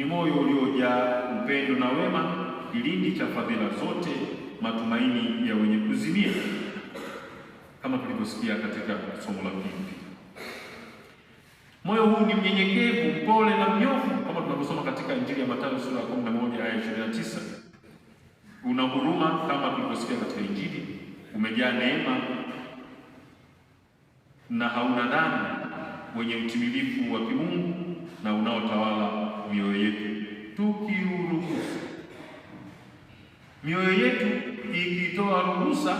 ni moyo uliojaa upendo na wema, kilindi cha fadhila zote, matumaini ya wenye kuzimia, kama tulivyosikia katika somo la pili. Moyo huu ni mnyenyekevu, mpole na mnyofu, kama tunavyosoma katika Injili ya Mathayo sura ya 11 aya 29. Una huruma kama tulivyosikia katika Injili, umejaa neema na hauna dhambi, wenye utimilifu wa kimungu na unaotawala mioyo yetu tukiuruhusu. Mioyo yetu ikitoa ruhusa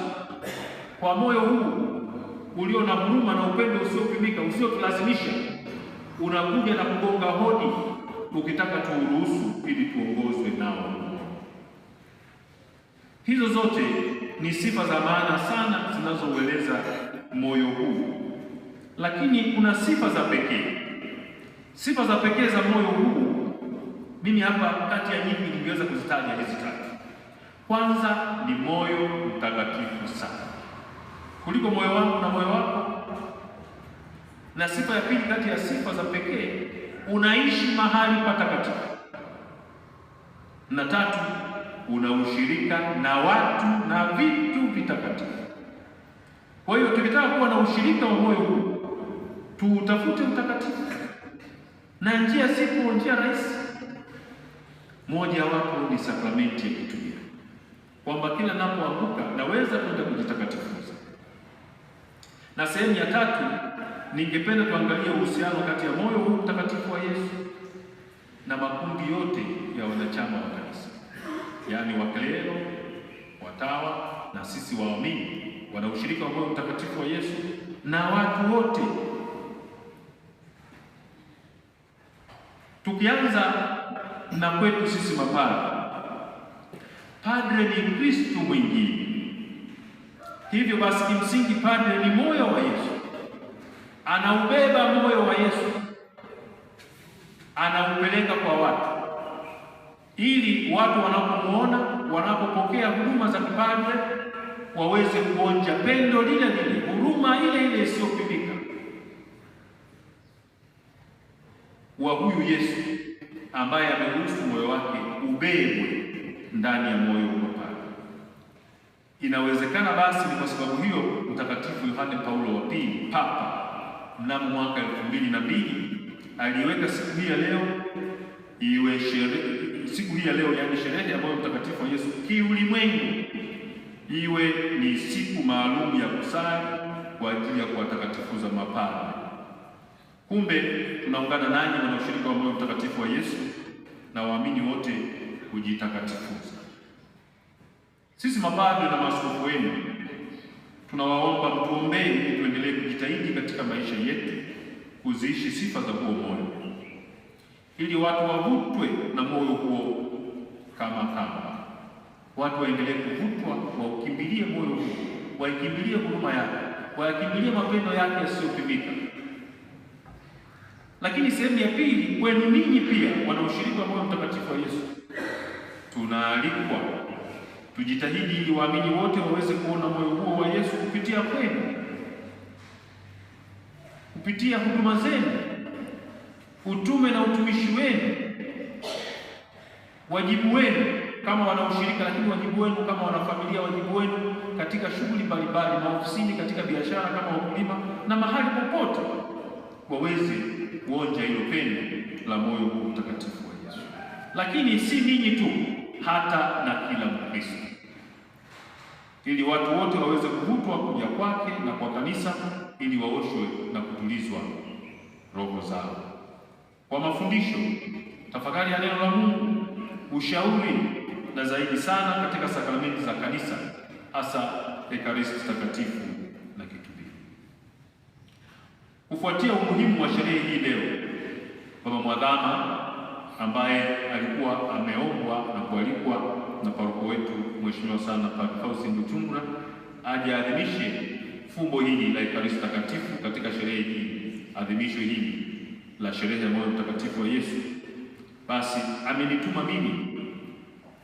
kwa moyo huu ulio na huruma na upendo usiopimika, usiotulazimisha, unakuja na kugonga hodi ukitaka tuuruhusu ili tuongozwe nao. Hizo zote ni sifa za maana sana zinazoueleza moyo huu, lakini kuna sifa za pekee, sifa za pekee za moyo huu mimi hapa kati ya nyingi ningeweza kuzitaja hizi tatu. Kwanza ni moyo mtakatifu sana kuliko moyo wangu na moyo wako, na sifa ya pili kati ya sifa za pekee, unaishi mahali patakatifu, na tatu, una ushirika na watu na vitu vitakatifu. Kwa hiyo tukitaka kuwa na ushirika wa moyo huu tuutafute utakatifu, na njia sipo njia rahisi moja wapo ni sakramenti ya kutubia, kwamba kila napoanguka naweza kwenda kujitakatifuza. Na sehemu ya tatu, ningependa tuangalie uhusiano kati ya moyo huu mtakatifu wa Yesu na makundi yote ya wanachama wa kanisa, yaani waklero, watawa na sisi waamini wana ushirika wa moyo mtakatifu wa Yesu na watu wote tukianza na kwetu sisi mapadre. Padre ni Kristu mwingine. Hivyo basi, kimsingi padre ni moyo wa Yesu, anaubeba moyo wa Yesu, anaupeleka kwa watu ili watu wanapomwona, wanapopokea huduma za kipadre waweze kuonja pendo lile lile, huruma ile ile isiyopimika wa huyu Yesu ambaye ameruhusu moyo wake ubebwe ndani ya moyo wa Papa. Inawezekana basi ni kwa sababu hiyo Mtakatifu Yohane Paulo wa Pili, Papa, mnamo mwaka elfu mbili na mbili aliweka siku hii ya leo iwe sherehe, siku hii ya leo yaani sherehe ambayo Mtakatifu wa Yesu kiulimwengu iwe ni siku maalum ya kusali kwa ajili ya kuwatakatifuza mapapa Kumbe tunaungana nanyi na ushirika wa moyo mtakatifu wa Yesu na waamini wote kujitakatifuza. Sisi mapadre na maaskofu wenu tunawaomba mtuombee ili tuendelee kujitahidi katika maisha yetu kuziishi sifa za huo moyo, ili watu wavutwe na moyo huo kama kama. Watu waendelee kuvutwa, waukimbilie moyo huo, waikimbilie huruma yake, wayakimbilie mapendo yake yasiyopimika lakini sehemu ya pili, kwenu ninyi pia wanaoshiriki wa Moyo Mtakatifu wa Yesu, tunaalikwa tujitahidi ili waamini wote waweze kuona moyo huo wa Yesu kupitia kwenu, kupitia huduma zenu, utume na utumishi wenu, wajibu wenu kama wanaoshirika, lakini wajibu wenu kama wanafamilia, wajibu wenu katika shughuli mbalimbali, maofisini, katika biashara, kama wakulima na mahali popote waweze kuonja hilo pendo la moyo huu mtakatifu wa Yesu. Lakini si ninyi tu, hata na kila Mkristo, ili watu wote waweze kuvutwa kuja kwake na kwa kanisa, ili waoshwe na kutulizwa roho zao kwa mafundisho, tafakari ya neno la Mungu, ushauri na zaidi sana katika sakramenti za kanisa, hasa Ekaristi takatifu. Kufuatia umuhimu wa sherehe hii leo, Baba Mwadhama ambaye alikuwa ameombwa na kualikwa na paroko wetu Mheshimiwa sana Padre Faustin Buchungura aje aadhimishe fumbo hili la Ekaristi Takatifu katika sherehe hii, adhimisho hili la sherehe ya Moyo Mtakatifu wa Yesu, basi amenituma mimi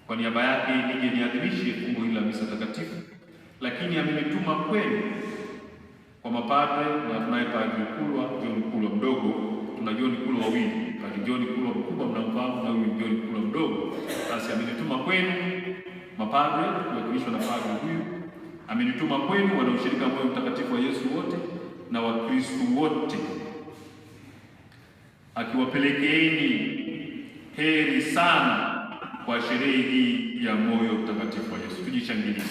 kwa niaba yake nije niadhimishe fumbo hili la misa takatifu, lakini amenituma kwenu kwa mapadre na tunaye padre kulwa John Mkulwa mdogo, tuna John kulwa wawili, padre John Kulwa mkubwa mnamfahamu, na huyu John Kulwa mdogo. Basi amenituma kwenu mapadre kuwakilishwa na padre huyu, amenituma kwenu wanaoshirika moyo mtakatifu wa Yesu wote na Wakristo wote, akiwapelekeeni heri sana kwa sherehe hii ya moyo mtakatifu wa Yesu. Tujishangilie.